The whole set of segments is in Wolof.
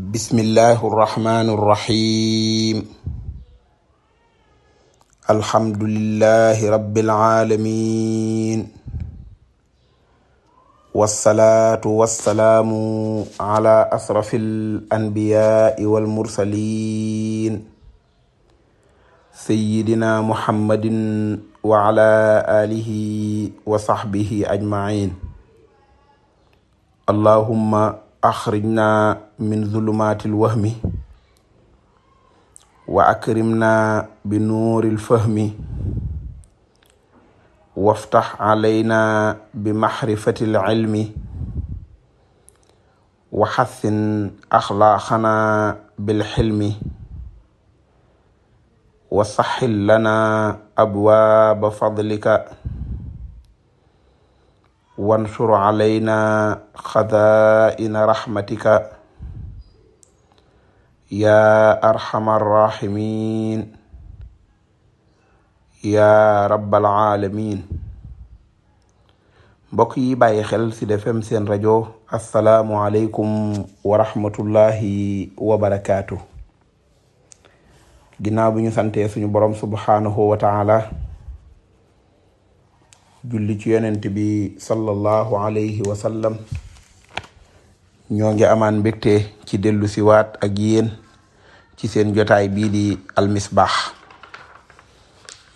bismillahi irrahmani irrahim alhamdulillahi rabbil alamin wasalaatu wasalaamu ala asrafil anbiyaai wal mursalin sayyidina muhammadin wa ala alihi wa sahbihi ajmain allahumma axrijna min zulumaatil wahmi wa akrimna bi nuuril fahmi waftax alayna bi maxrifatil ilmi wa xassin axlaaqana bil xilmi wa saxil lana abwaaba fadlika wansur alayna xadaa'ina raxmatika yaa arxamar raximin yaa rabbal alamin mbokk yi bàyyi xel ci Sud seen rajo assalaamu aleykum wa rahmatullahi wa barakaatu ginnaaw bi ñu santee suñu borom subhaanahu wa julli ci yonent bi sallallahu alayhi wa sallam ñoo ngi amaan mbégte ci dellu siwaat ak yéen ci seen jotaay bii di almisbaax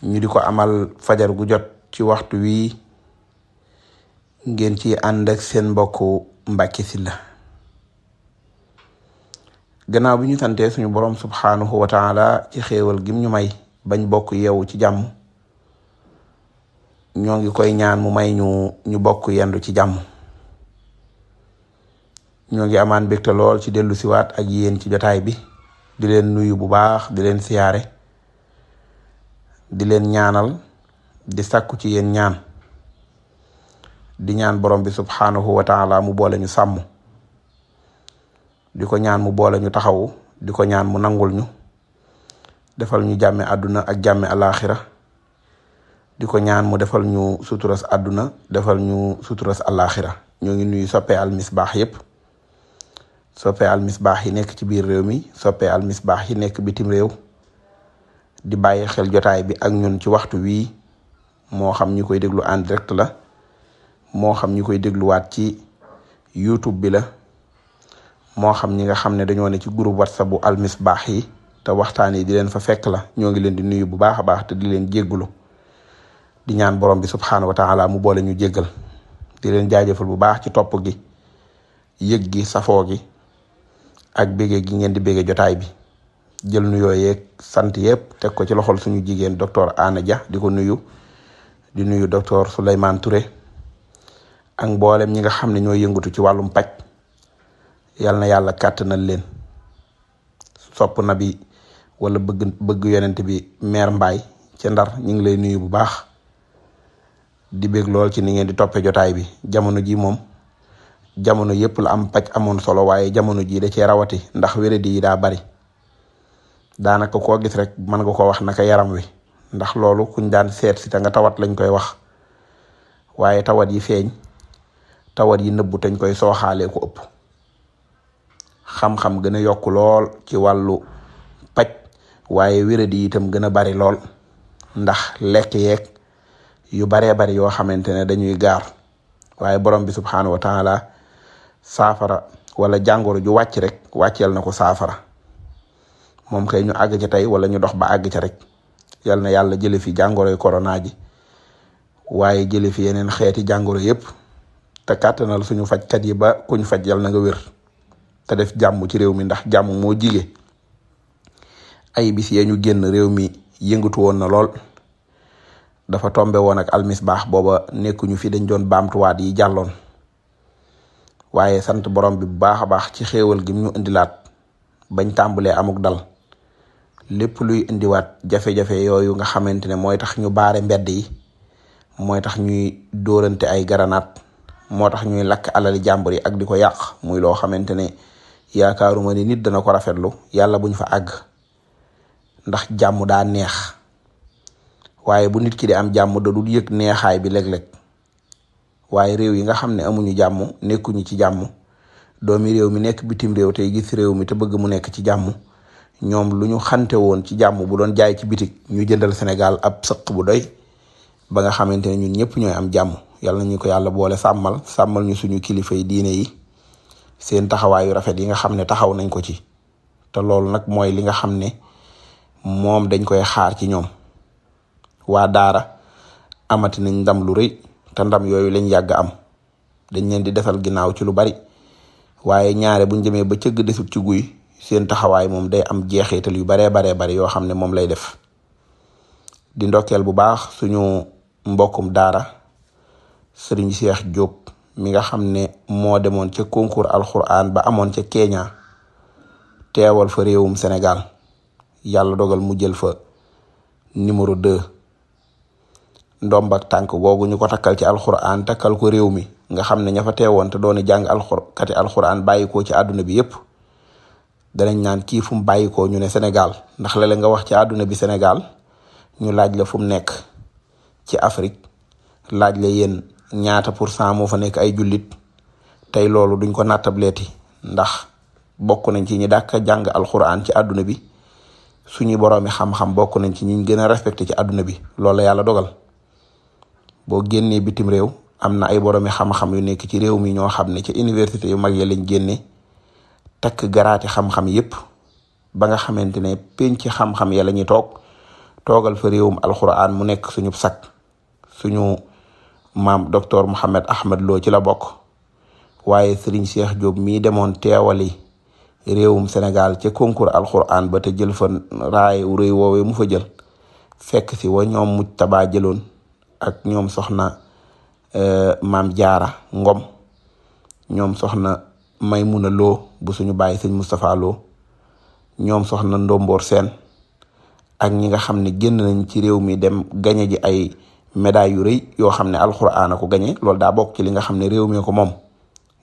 ñu di ko amal fajar gu jot ci waxtu wi ngeen ci ànd seen mbokku Mbàkke Sylla gannaaw bi ñu santee suñu borom subhaanahu wa taala ci xéewal gim ñu may bañ bokk yeewu ci jàmm ñoo ngi koy ñaan mu may ñu ñu bokk yendu ci jàmm ñoo ngi amaan mbégte lool ci dellu siwaat ak yéen ci jotaay bi di leen nuyu bu baax di leen siyaare di leen ñaanal di sakku ci yéen ñaan di ñaan borom bi subhanahu wa taala mu boole ñu sàmm di ko ñaan mu boole ñu taxawu di ko ñaan mu nangul ñu defal ñu jàmme àdduna ak jàmme alaaxira di ko ñaan mu defal ñu suturas àdduna defal ñu suturas àllaaxira ñoo ngi nuyu soppe al misbaax yépp soppe al misbaax yi nekk ci biir réew mi soppe al misbaax yi nekk bitim réew di bàyyi xel jotaay bi ak ñun ci waxtu wii moo xam ñu koy déglu en direct la moo xam ñu koy dégluwaat ci YouTube bi la moo xam ñi nga xam ne dañoo ne ci groupe WhatsApp bu al misbaax yi te waxtaan yi di leen fa fekk la ñoo ngi leen di nuyu bu baax a baax te di leen jéggulu di ñaan boroom bi subxanahu wa ta'ala mu boole ñu jéggal di leen jaajëfal bu baax ci topp gi yëg gi safoo gi ak bége gi ngeen di bége jotaay bi jël nuyoo yeeg sant yëpp teg ko ci loxol suñu jigéen docteur Anna Dia di ko nuyu di nuyu docteur Souleymane Touré ak mboolem ñi nga xam ne ñoo yëngatu ci wàllum paj yal na yàlla kàttanal leen sopp na bi wala bëgg bëgg bi meer mbaay ci ndar ñu ngi lay nuyu bu baax. di bég lool ci ni ngeen di toppee jotaay bi jamono ji moom jamono yëpp la am paj amoon solo waaye jamono jii da cee rawati ndax wéradi yi daa bari daanaka ko gis rek mën nga ko wax naka yaram wi ndax loolu kuñ daan seet si te nga tawat lañ koy wax waaye tawat yi feeñ tawat yi nëbbu tañ koy sooxaalee ko ëpp xam-xam gën a yokk lool ci wàllu paj waaye wéradi di itam gën a bari lool ndax lek yeeg yu baree bari yoo xamante ne dañuy gaar waaye borom bi subxanahu wa taala saafara wala jàngoro ju wàcc rek wàcceel na ko saafara moom kay ñu àgg ca tey wala ñu dox ba àgg ca rek yal na yàlla jëlee fi jàngoroy corona ji waaye jëlee fi yeneen xeeti jàngoro yépp te kàttanal suñu fajkat yi ba kuñ faj yal na nga wér te def jàmm ci réew mi ndax jàmm moo jige ay bis yee ñu génn réew mi yëngatu woon na lool. dafa tombe woon ak baax booba nekkuñu fi dañ doon baamtuwaat yi jàlloon waaye sant borom bi bu baax a baax ci xéewal gi mu indilaat bañ tàmbalee amuk dal lépp luy indiwaat jafe-jafe yooyu nga xamante ne mooy tax ñu baare mbedd yi mooy tax ñuy dóorante ay garanaat moo tax ñuy lakk alali jàmbur yi ak di ko yàq muy loo xamante ne yaakaaruma ni nit dana ko rafetlu yàlla buñ fa àgg ndax jàmm daa neex waaye bu nit ki di am jàmm da yëg neexaay bi léeg-léeg waaye réew yi nga xam ne amuñu jàmm nekkuñu ci jàmm doomi réew mi nekk bitim réew te gis réew mi te bëgg mu nekk ci jàmm ñoom lu ñu xante woon ci jàmm bu doon jaay ci bitik ñu jëndal Sénégal ab sëq bu doy ba nga xamante ne ñu ñëpp ñooy am jàmm yal na ñu ko yàlla boole sàmmal sàmmal ñu suñu kilifa yi diine yi seen taxawaayu rafet yi nga xam ne taxaw nañ ko ci te loolu nag mooy li nga xam ne moom dañ koy xaar ci ñoom. waa daara amati nañ ndam lu rëy te ndam yooyu lañ yàgg am dañ leen di desal ginnaaw ci lu bari waaye ñaare buñ jëmee ba cëgg desut ci guy seen taxawaay moom day am jeexital yu baree baree bari yoo xam ne moom lay def di ndokkeel bu baax suñu mbokkum daara sëriñ Cheikh Diop mi nga xam ne moo demoon ca concours alxuraan ba amoon ca Kenya teewal fa réewum senegal yàlla dogal mu jël fa numéro deux ndombak tànk googu ñu ko takkal ci alxuraan takkal ko réew mi nga xam ne ña fa teewoon te doon jàng alxur kati alxuraan bàyyikoo ci àdduna bi yépp danañ naan kii fu mu bàyyikoo ñu ne senegal ndax léeg-léeg nga wax ci àdduna bi senegal ñu laaj la fu mu nekk ci Afrique laaj la yéen ñaata pour cent moo fa nekk ay jullit tey loolu duñ ko nattableeti ndax bokk nañ ci ñi dàkk jàng alxuraan ci àdduna bi suñu boroomi xam-xam bokk nañ ci ñi gën a respecté ci àdduna bi loolu la yàlla dogal. boo génnee bitim réew am na ay boroomi xam-xam yu nekk ci réew mi ñoo xam ne ci université yu mag ya lañ génne takk garaati xam-xam yépp ba nga xamante ne penc xam-xam ya la toog toogal fa réewum alxuraan mu nekk suñu sakk suñu maam docteur Mouhamed Ahmed Lo ci la bokk waaye Serigne Cheikh Diop mii demoon teewali réewum Sénégal ca concours alxuraan ba te jël fa raay réew woowee mu fa jël fekk si wa ñoom mujj taba jëloon. ak ñoom soxna euh, maam jaara ngom ñoom soxna maymuna loo bu suñu baay sëñ Moustapha loo ñoom soxna ndomboor seen ak ñi nga xam ne génn nañ ci réew mi dem gañe ji ay médailles yu rëy yoo xam ne alxuraan a ko gañe loolu daa bokk ci li nga xam ne réew mi ko moom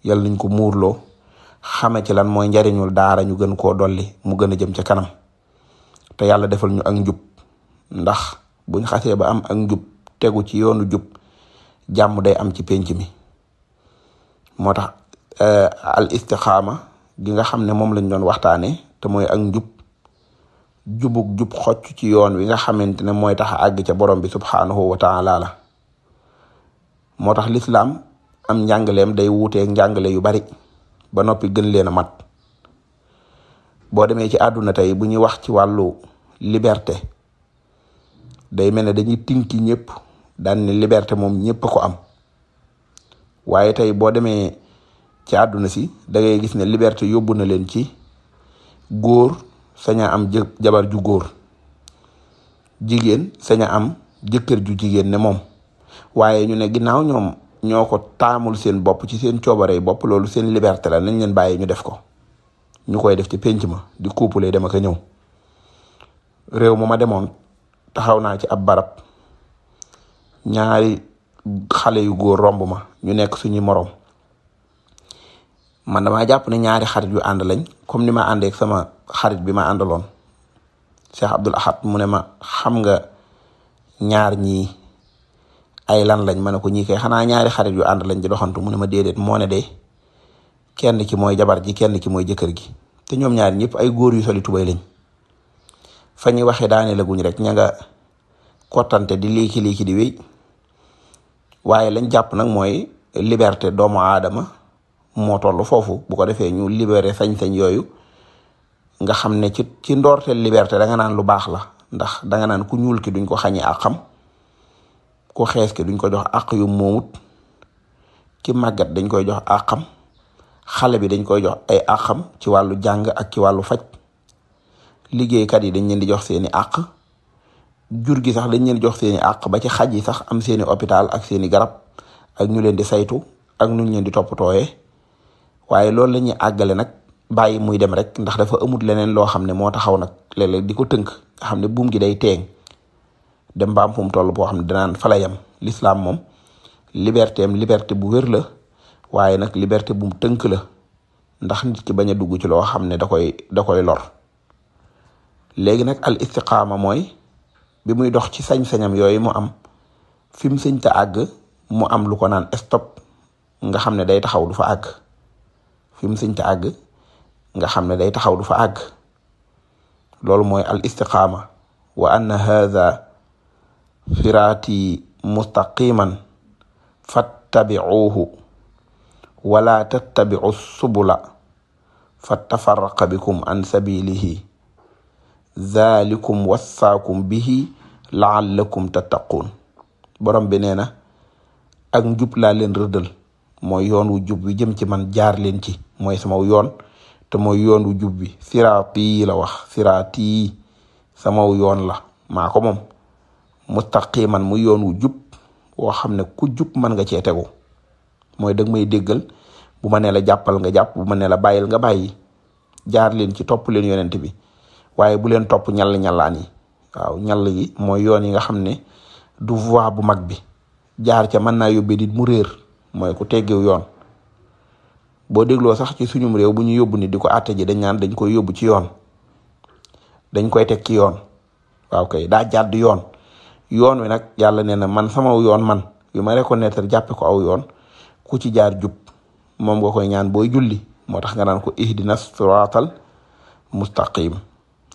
yàlla nañ ko muurloo xame ci lan mooy njariñul daara ñu gën koo dolli mu gën a jëm ca kanam te yàlla defal ñu ak njub ndax buñ xasee ba am ak njub tegu ci yoonu jub jàmm day am ci penc mi moo tax eh, al istixaama gi nga xam ne moom lañ doon waxtaane te mooy ak njub jubug jub xocc ci yoon wi nga xamante ne mooy tax àgg ca borom bi subhaanahu wa taala la moo tax lislaam am njàngaleem day wuuteeg njàngale yu bari ba noppi gën leen a mat boo demee ci àdduna tey bu ñuy wax ci wàllu liberté day mel ne dañuy tinki ñëpp daan ni liberté moom ñëpp ko am waaye tey boo demee ci àdduna si da ngay gis ne liberté yóbbu na leen ci góor saña am jabar ju góor jigéen saña am jëkkër ju jigéen ne moom waaye ñu ne ginnaaw ñoom ñoo ko taamul seen bopp ci seen coobare bopp loolu seen liberté la nañ leen bàyyi ñu def ko ñu koy def ci penc ma di couple dama ko ñëw réew mu ma demoon taxaw naa ci ab barab ñaari xale yu góor romb ma ñu nekk suñu morom man damaa jàpp ne ñaari xarit yu ànd lañ comme ni ma àndee sama xarit bi ma àndaloon Cheikh Abdul Ahad mu ne ma xam nga ñaar ñii ay lan lañ ma ne ko ñii kay xanaa ñaari xarit yu ànd lañ di doxantu mu ne ma déedéet moo ne de kenn ki mooy jabar ji kenn ki mooy jëkkër gi te ñoom ñaar ñëpp ay góor yu soli tubay lañ fa ñuy waxee daane laguñ rek ña nga kottante di liiki liiki di wéy waaye lañ jàpp nag mooy liberté doomu aadama moo toll foofu bu ko defee ñu libéré sañ-sañ yooyu nga xam ne ci ci ndoorteel liberté da nga naan lu baax la ndax danga naan ku ñuul ki duñ ko xañee ak xam ku xees ki duñ ko jox àq yu moomut ki màggat dañ koy jox àqam xale bi dañ koy jox ay àqam ci wàllu jàng ak ci wàllu faj liggéeykat yi dañ leen di jox seeni àq jur gi sax dañ leen jox seeni àq ba ci xaj yi sax am seeni hôpital ak seeni garab ak ñu leen di saytu ak nuñ leen di toppatooyee waaye loolu la ñuy àggale nag bàyyi muy dem rek ndax dafa amut leneen loo xam ne moo taxaw nag léeg-léeg di ko tënk nga xam ne buum gi day teeng dem mbaam am fu mu toll boo xam ne danaan fa la yem moom libertéem am liberté bu wër la waaye nag liberté bu mu tënk la ndax nit ki bañ a dugg ci loo xam ne da koy da koy lor léegi nag al istiqaama mooy bi muy dox ci sañ-sañam yooyu mu am fi mu te àgg mu am lu ko naan stop nga xam ne day taxaw du fa àgg fi mu sëñ te àgg nga xam ne day taxaw du fa àgg loolu mooy al istiqaama wa anna haadha siraati mustaqiman fattabicuuhu wala tattabicu subula fattafaraqa bikum an sabilihi dhalikum wassaakum bihi laallakum tattaquun borom bi nee na ak njub laa leen rëddal mooy yoon wu jub wi jëm ci man jaar leen ci mooy sama yoon te mooy yoon wu jub bi siraati la wax siraati samaw yoon la maa ko moom mustaqiman mu yoon wu jub woo xam ne ku jub man nga cee mooy dag may déggal bu ma nee la jàppal nga jàpp bu ma nee la bàyyil nga bàyyi jaar leen ci topp leen yonent bi waaye bu leen topp ñall ñallaan yi waaw ñall yi mooy yoon yi nga xam ne du voie bu mag bi jaar ca man naa yóbbee nit mu réer mooy ku teggiw yoon boo dégloo sax ci suñum réew bu ñu yóbbu nit di ko àtte ji dañ naan koy yóbbu ci yoon dañ koy teg ki yoon waaw kay daa jàdd yoon yoon wi nag yàlla nee na man sama yoon man yu ma reconnaître jàppe ko aw yoon ku ci jaar jub moom nga koy ñaan booy julli moo tax nga naan ko ihdina siraatal mustaqim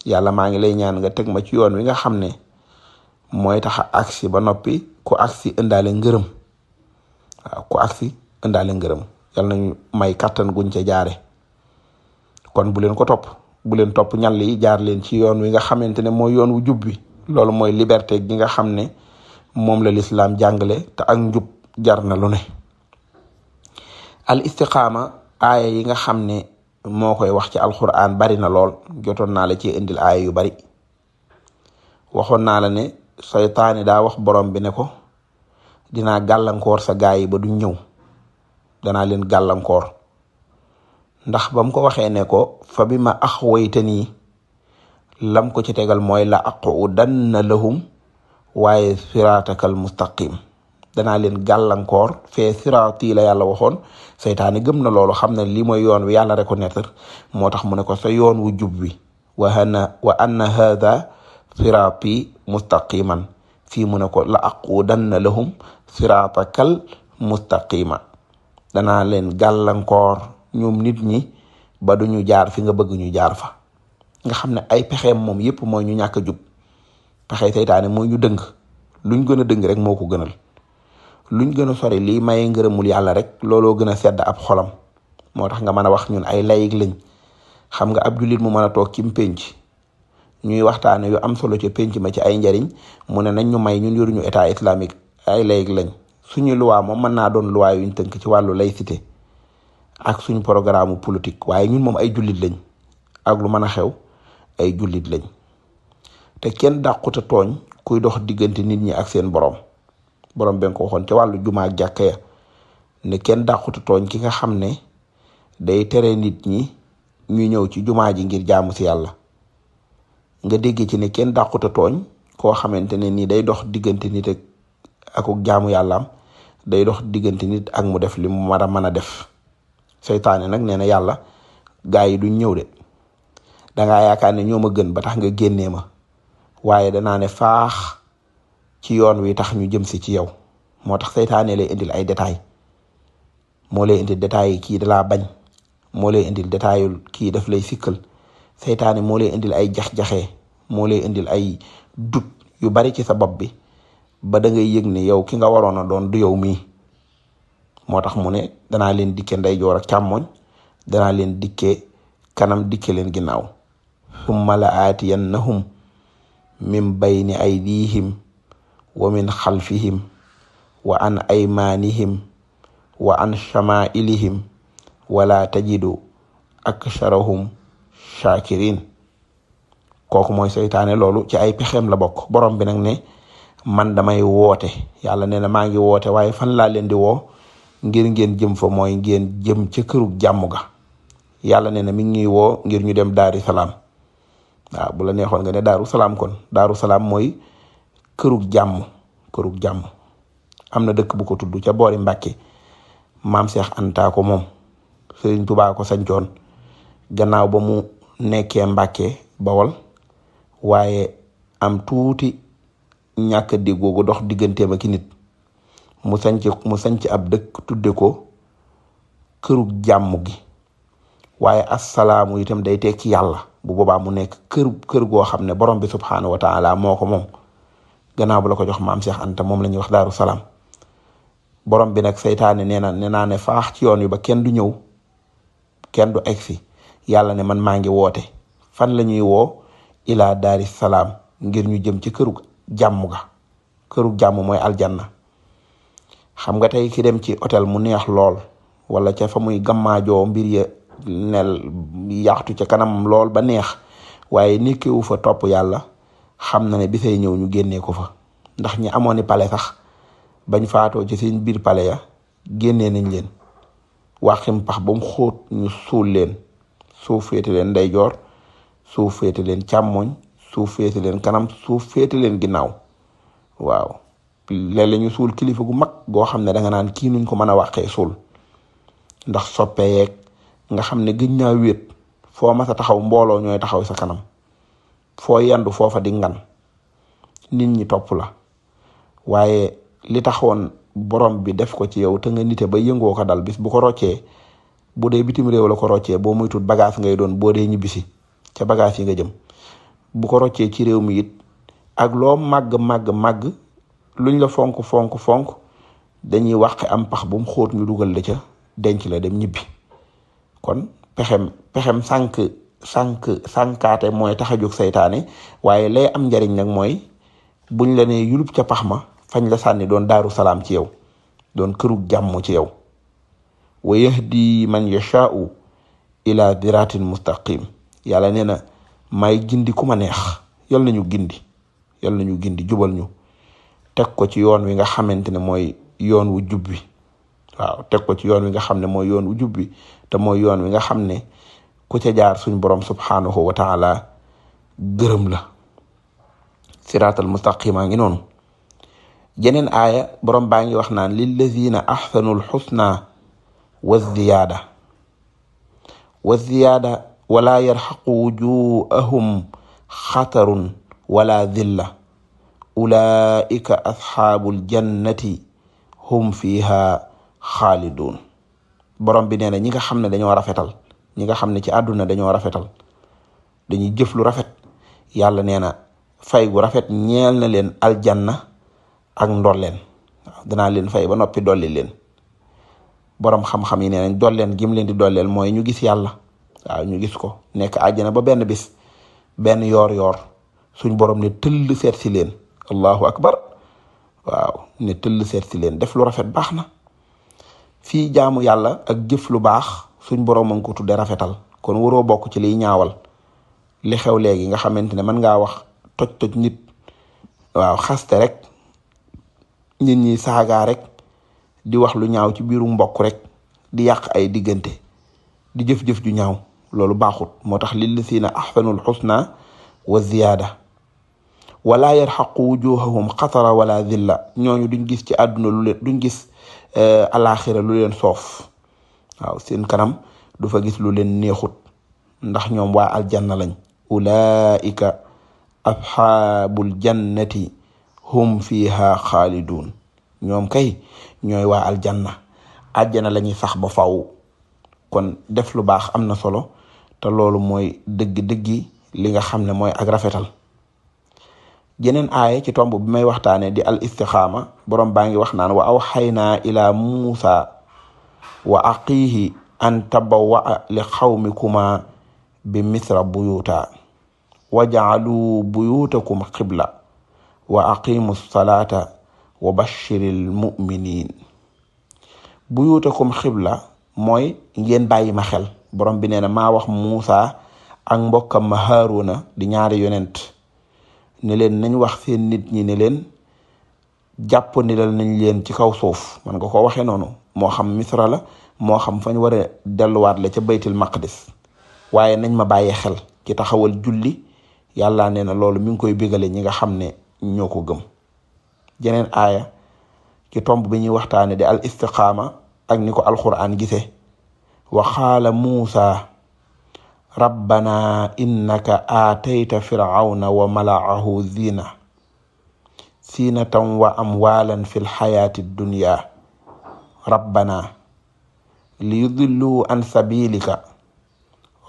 yàlla maa ngi lay ñaan nga teg ma ci yoon wi nga xam ne mooy tax a agsi ba noppi ku agsi indaale ngërëm waaw ku agsi indaale ngërëm yàlla nañu may kàttan guñ ca jaare kon bu leen ko topp bu leen topp ñal yi jaar leen ci yoon wi nga xamante ne mooy yoon wu jub bi loolu mooy liberté gi nga xam ne moom la lislaam jàngale te ak njub jar na lu ne al istiqaama aaya yi nga xam ne moo koy wax ci alquran bari na lool jotoon naa la ci indil aaya yu bari waxoon naa la ne saytaani daa wax borom bi ne ko dinaa gàllankoor sa gaay yi ba du ñëw danaa leen gàllankoor ndax ba ko waxee ne ko fa bi ma axwaytanii lam ko ci tegal mooy la aqudanna lahum waaye siraatakal mustaqim danaa leen gàllankoor fee siraati la yàlla waxoon seytaane gëm na loolu xam ne lii mooy yoon wi yàlla reconnaître moo tax mu ne ko sa yoon wu jub wi wa ana wa anna hadha siraati mustaqiman fii mu ne ko la dan aqudanna lahum siraatakal mustaqima danaa leen gàllankoor ñoom nit ñi baduñu jaar fi nga bëgg ñu jaar fa nga xam ne ay pexeem moom yépp mooy ñu ñàkk a jub pexe seytaane mooy ñu dëng luñ gën a dëng rek moo ko gënal luñ gën a sori lii maye ngërëmul yàlla rek looloo gën a sedd ab xolam moo tax nga mën a wax ñun ay layig lañ xam nga ab jullit mu mën a toog ci pénc ñuy waxtaane yu am solo ca pénc ma ci ay njariñ mu ne nañ ñu may ñun yoruñu état islamique ay layig lañ suñu luwaa moom mën naa doon luwaa yuñ tënk ci wàllu laïcité ak suñu programme politique waaye ñun moom ay jullit lañ ak lu mën a xew ay julit lañ te kenn dàquta tooñ kuy dox diggante nit ñi ak seen borom borom ben ko waxoon ca wàllu jumaa jàkka ne kenn dàqutu tooñ ki nga xam ne day tere nit ñi ñu ñëw ci jumaa ji ngir jaamu si yàlla nga dégg ci ne kenn dàquta tooñ koo xamante ne nii day dox diggante nit ak ak jaamu day dox diggante nit ak mu def li mu war a mën a def seytaane nag nee na yàlla gaa yi duñ ñëw de danga yaakaar ne ñoo ma gën ba tax nga génnee ma waaye danaa ne faax ci yoon wi tax ñu jëm si ci yow moo tax seytaane lay indil ay détails moo lay indil détails yi kii dalaa bañ moo lay indil détail kii daf lay sikkal seytaane moo lay indil ay jax jaxe moo lay indil ay dut yu bari ci sa bopp bi ba dangay yëg ne yow ki nga waroon a doon du yow mii moo tax mu ne danaa leen dikke ndeyjoor ak càmmoñ danaa leen dikke kanam dikke leen ginnaaw summa la aatiyannahum ni ay aydihim wa min xalfihim wa an aymaanihim wa an shamaa'ilihim wala tajidu aksarahum shakirin kooku mooy seytaane loolu ci ay pexeem la bokk borom bi nag ne man damay woote yàlla nee na maa ngi woote waaye fan laa leen di woo ngir ngeen jëm fa mooy ngeen jëm ca këru jàmm ga yàlla nee na mi ngi ñuy woo ngir ñu dem daaru salaam waaw bu la neexoon nga ne daaru salaam kon daaru salaam mooy kërug jàmm kërug jàmm am na dëkk bu ko tudd ca boori Mbàkke maam Seex Anta ko moom Sëriñ Tubaa ko sancoon gannaaw ba mu nekkee Mbàkke Bawol waaye am tuuti ñàkk a dox digganteem ak nit mu sanc mu sanc ab dëkk tudde ko kërug jàmm gi waaye assalaamu itam day tekki yàlla bu boobaa mu nekk kër goo xam ne borom bi subhaanahu wa taala moo ko gannaaw bu la ko jox maam Cheikh Anta moom la ñuy wax daaru salaam borom bi nag seytaane nee na nee naa ne faax ci yoon wi ba kenn du ñëw kenn du egg si yàlla ne man maa ngi woote fan la ñuy woo ilaa daari salaam ngir ñu jëm ci këru jàmm ga këru jàmm mooy aljanna xam nga tey ki dem ci hôtel mu neex lool wala ca fa muy gammaajoo mbir ya nel yaxtu ca kanam lool ba neex waaye nekkiwu fa topp yàlla xam na ne bi fay ñëw ñu génnee ko fa ndax ñi amoon pale sax bañ faatoo ci seen biir pale ya génnee nañ leen waxim pax ba mu xóot ñu suul leen suuf féete leen ndeyjoor suuf féete leen càmmoñ suuf féete leen kanam suuf féete leen ginnaaw waaw léeg la ñu suul kilifa gu mag goo xam ne danga naan kii nuñ ko mën a wàqee suul ndax soppeek nga xam ne gëj naa wéet foo ma sa taxaw mbooloo ñooy taxaw sa kanam foo yandu foofa di nit ñi topp la waaye li taxoon borom bi def ko ci yow te nga nite ba yëngoo ko dal bis bu ko roccee bu dee bitim réew la ko roccee boo moytuwul bagaas ngay doon boo dee ñibbisi ca bagage yi nga jëm bu ko roccee ci réew mi it ak loo màgg màgg màgg luñ la fonk fonk fonk dañuy wàqe am pax bu mu xóot ñu dugal la ca denc la dem ñibbi kon pexem pexem sànq sànq sànkaate mooy tax a jóg saytaane waaye lay am njariñ nag mooy buñ la nee yulub ca pax ma fañ la sànni doon daaru salaam ci yow doon këru jàmm ci yow wa yahdi man yashaa'u ila diratin mustaqim yàlla nee na may gindi ku ma neex yal nañu gindi yal nañu gindi jubal ñu teg ko ci yoon wi nga xamante ne mooy yoon wu jub bi teg ko ci yoon wi nga xam ne mooy yoon wu jub bi te mooy yoon wi nga xam ne ku ca jaar suñ borom subhanahu wa taala gërëm la siraatal mustaqimaa ngi noonu jeneen aaya borom baa ngi wax naan lillazina ahsanu lxusna wa ziyaada wa ziyaada wala yarxaqu wujuhahum xatarun wala dilla ulaika asxaabul jannati hum fiha xaalidun borom bi nee ñi nga xam ne dañoo rafetal ñi nga xam ne ci àdduna dañoo rafetal dañuy jëf lu rafet yàlla nee na fay gu rafet ñeel na leen aljanna ak ndolleen waaw danaa leen fay ba noppi dolli leen boroom xam-xam yi nee nañ dolleen gim leen di dolleel mooy ñu gis yàlla waaw ñu gis ko nekk àjjana ba benn bis benn yoor-yoor suñ borom ne tëll seet si leen allahu akbar waaw ne tëll seet si leen def lu rafet baax na fii jaamu yàlla ak jëf lu baax suñ borom a ko tudde rafetal kon waroo bokk ci liy ñaawal li xew léegi nga xamante ne mën ngaa wax toj-toj nit waaw xaste rek nit ñi saagaa rek di wax lu ñaaw ci biiru mbokk rek di yàq ay diggante di jëf-jëf ju ñaaw loolu baaxut moo tax lillasiina ahsanul xusna wa ziyaada wala yarxaqu wujuhahum xatara wala zilla ñooñu duñ gis ci àdduna lu leen duñ gis eh, alaxira lu leen soof waaw kanam du fa gis lu leen neexut ndax ñoom waa aljanna lañ ulaika asxaabul jannati hum fiha xaalidun ñoom kay ñooy waa aljanna àjjana la ñuy sax ba faw kon def lu baax am na solo te loolu mooy dëgg-dëggi li nga xam ne mooy ak rafetal jeneen aaya ci tomb bi may waxtaane di al istixaama borom baa ngi wax naan wa awxaynaa ila muusa wa aqihi an tabawwa'a li qawmikuma bi misra buyuta waj'aluu buyutakum qibla wa aqimu salata wa bashiril mu'minin buyutakum xibla mooy ngeen bàyyi ma xel borom bi nee na maa wax Muusa ak mbokkam ma Haaruna di ñaari yonent ne leen nañ wax seen nit ñi ne leen jàpp ni dal nañ leen ci kaw suuf man nga ko waxe noonu moo xam misra la moo xam fañ war a delluwaat la ca baytil maqdis waaye nañ ma bàyyi xel ci taxawal julli yàlla nee na loolu mi ngi koy bégale ñi nga xam ne ñoo ko gëm jeneen aaya ci tomb bi ñuy waxtaane di al istiqaama ak ni ko alquran gisee wa xaala muusa rabbana innaka aatayta firawna wa malaahu na siinatan wa amwalan fi xayaati dunya rabbana li yudillu an sabilika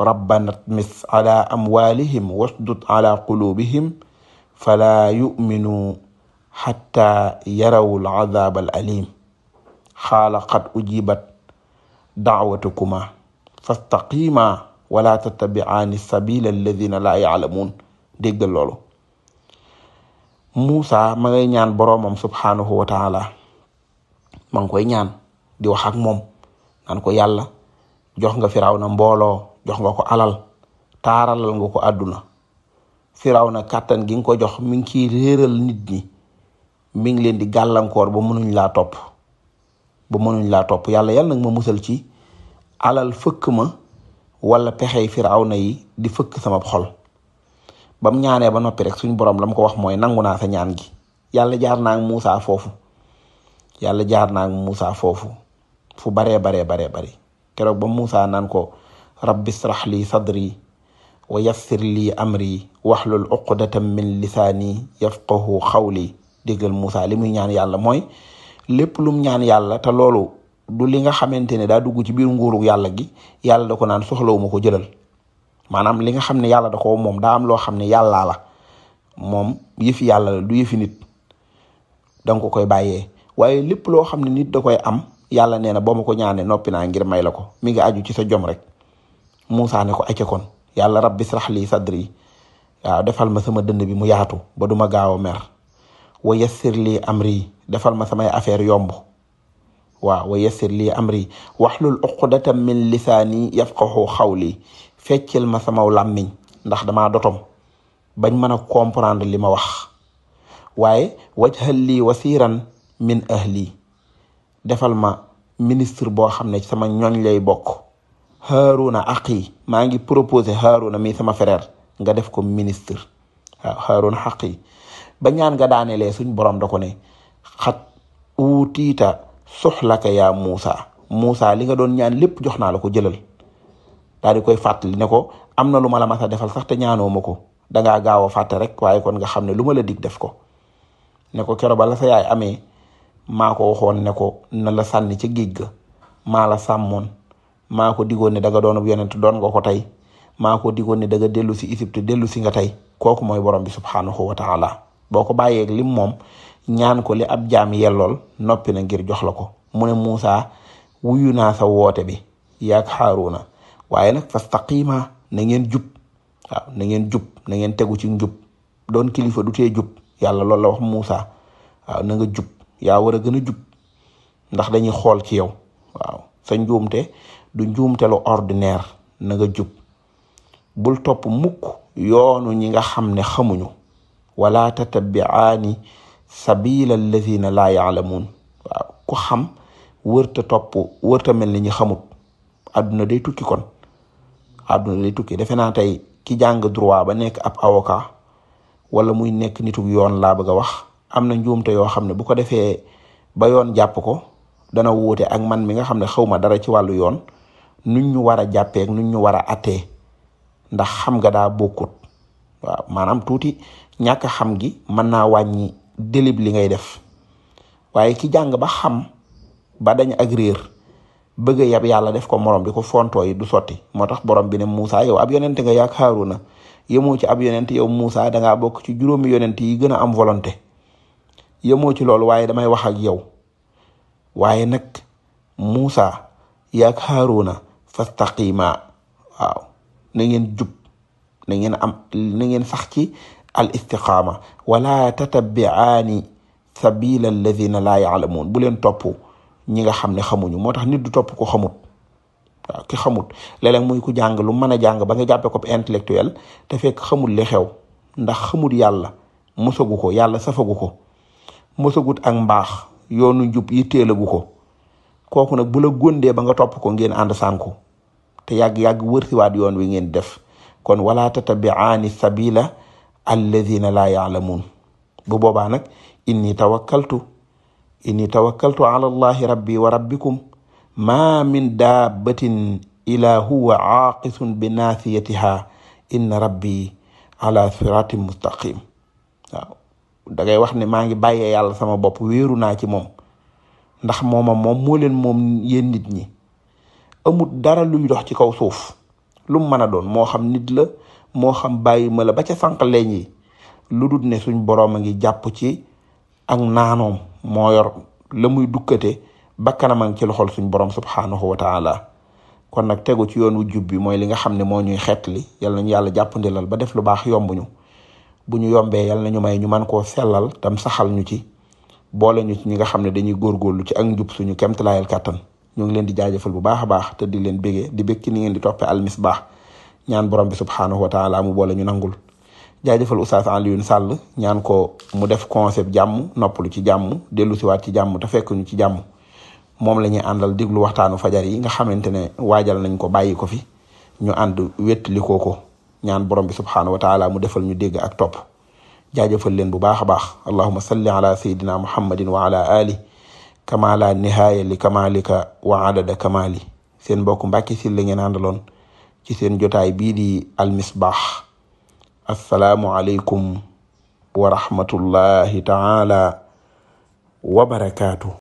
rabbana tmis ala amwalihim wasdud ala qulubihim fala yuminu xatta yarawu alcadaab alalim xaala qad ujibat dacwatukuma fastaqiima wala tattabicaani sabila alladina laa yaclamuun déggal loolu Muusa ma ngay ñaan boroomam subhaanahu wa taala ma ngi koy ñaan di wax ak moom naan ko yàlla jox nga na mbooloo jox nga ko alal taaralal nga ko àdduna na kàttan gi nga ko jox mi ngi ciy réeral nit ñi mi ngi leen di gàllankoor ba mënuñ laa topp ba mënuñ laa topp yàlla yàlla nag ma musal ci alal fëkk ma wala pexey na yi di fëkk sama xol bam ñaanee ba noppi rek suñ borom lam ko wax mooy nangu naa sa ñaan gi yàlla jaar naa ak Muusa foofu yàlla jaar naa ak foofu fu baree baree baree bari keroog ba Muusa nan ko rabbi israh li sadri wa yassir li amri waxlul uqdatam min lisaani yafqahu xawli déggal Muusa li muy ñaan yàlla mooy lépp lum ñaan yàlla te loolu du li nga xamante ne daa dugg ci biir nguuru yàlla gi yàlla da ko naan soxlawuma ko jëlal maanaam li nga xam ne yàlla da ko moom daa am loo xam ne yàllaa la moom yëfi yàlla la du yëfi nit danga ko koy bàyyee waaye lépp loo nit da koy am yàlla nee na boo ma ko ñaanee noppi ngir may la ko mi ngi aju ci sa jom rek Moussa ne ko a kon yàlla rabbi srah li sadri waaw defal ma sama dënd bi mu yaatu ba duma gaaw a mer wa yassir lii defal ma samay affaire yomb waaw wa yassir lii amri waxlul uqdatam min lisaani yafqahu xawli feccel ma samaw làmmiñ ndax damaa dotom bañ mën a comprendre li ma wax waaye wajhal lii min ahli defal ma ministre boo xam ne sama ñooñ lay bokk Haaruna Aqi maa ngi proposé Haaruna mii sama frère nga def ko ministre waaw Haaruna Aqi ba ñaan nga daanelee suñ borom da ko ne xat uutiita soxlaka yaa Muusa Muusa li nga doon ñaan lépp jox naa la ko jëlal daal koy fàttali ne ko am na lu ma la mas defal sax te ñaanoo ma ko dangaa gaaw a rek waaye kon nga xam ne lu ma la dig def ko ne ko kero ba la maa ko waxoon ne ko na la sànni ca géej ga maa la sàmmoon maa ko digoon ne daga doonub yonent doon nga ko tey maa ko digoon ne daga dellu si Égypte dellu si nga tey kooku mooy borom bi subhaanahu wa taala boo ko bàyyeeg lim moom ñaan ko li ab jaam yellool noppi na ngir jox la ko mu ne Muusa wuyu naa sa woote bi yaag Haaruna waaye nag fastaqiima na ngeen jub na ngeen jub na ngeen tegu ci njub doon kilifa du tee jub yàlla loolu la wax Muusa waaw na nga jub yaa war a gën a jub ndax dañuy xool ci yow waaw sa njuumte du njuumte lu ordinaire na nga jub bul topp mukk yoonu ñi nga xam ne xamuñu wala tatabiaani sabila alladina laa yaalamuun waaw ku xam wërta topp wërta mel ni ñi xamut àdduna day tukki kon àdduna day tukki defe naa tey ki jàng droit ba nekk ab awoka wala muy nekk nitu yoon laa bëgg a wax am na njuumte yoo xam ne bu ko defee ba yoon jàpp ko dana wuute ak man mi nga xam ne ma dara ci wàllu yoon nuñ ñu war a jàppee ak nuñ ñu war a attee ndax xam nga daa bokkut waaw maanaam tuuti ñàkk xam gi mën naa wàññi délib li ngay def waaye ki jàng ba xam ba dañ ak réer bëgg yab def ko morom di ko fontoo du sotti moo tax borom bi ne Moussa yow ab yonent nga yaak Haaruna yemoo ci ab yonent yow Moussa danga bokk ci juróomi yonent yi gën a am volonté yemoo ci loolu waaye damay wax ak yow waaye nag Muusa yaag Haaruna fastaqima waaw na ngeen jub na ngeen am na ngeen sax ci al istiqaama wala tatabiaani sabila alladina laa yaalamuun bu leen topp ñi nga xam ne xamuñu moo tax nit du topp ko xamut waaw xamut léeg-léeg muy ku jàng lu mën a jàng ba nga jàppee ko intellectuel te fek xamul le xew ndax xamul yàlla mosagu ko yàlla safagu ko mosagut ak mbaax yoonu njub yi téelagu ko kooku nag bu la ba nga topp ko ngeen ànd sànku te yàgg-yàgg wërsiwaat yoon wi ngeen def kon wala tatabiaani sabila alladina laa yaalamuun boobaa nag inni tawakkaltu inni rabbi wa rabbikum ma min dabbatin ila huwa aaqisun bi naasiyatiha inna rabbi ala siratin mustaqim da ngay wax ne maa ngi bàyyee yàlla sama bopp wéeru naa ci moom ndax mooma moom moo leen moom yéen nit ñi amut dara luy dox ci kaw suuf lum mu mën a doon moo xam nit la moo xam bàyyi ma la ba ca sànq leen yi lu dul ne suñ boroom a ngi jàpp ci ak naanoom moo yor la muy dukkate ba kanam a ngi ci loxol suñ borom subhaanahu wa taala kon nag tegu ci yoon wu jub bi mooy li nga xam ne moo ñuy xeetli yàlla jàpp yàlla lal ba def lu baax yombuñu bu ñu yombee yal na ñu may ñu man koo sellal tam saxal ñu ci boole ñu ci ñi nga xam ne dañuy góorgóorlu ci ak njub suñu kemtalaayal kàttan ñu ngi leen di jaajëfal bu baax a baax te di leen bégee di békki ni di toppee Al Misbah ñaan borom bi subhaanahu wa taala mu boole ñu nangul jaajëfal Oustaz Alioune Sall ñaan ko mu def concept jàmm noppalu ci jàmm dellu siwaat ci jàmm te fekk ci jàmm moom la ñuy àndal déglu waxtaanu fajar yi nga xamante ne waajal nañ ko bàyyi ko fi ñu ànd wétli ko ko ñaan borom bi subxanahu wa taala mu defal ñu dégg ak topp jaajëfal leen bu baax a baax allahuma salli ala sayidina muhammadin wa ala ali kama la nihaaya li kamalika wa adada kamali seen mbokk Mbàkke Sylla ngeen àndaloon ci seen jotaay bii di almisbaax assalaamu aleykum wa rahmatullahi taala wa barakaatu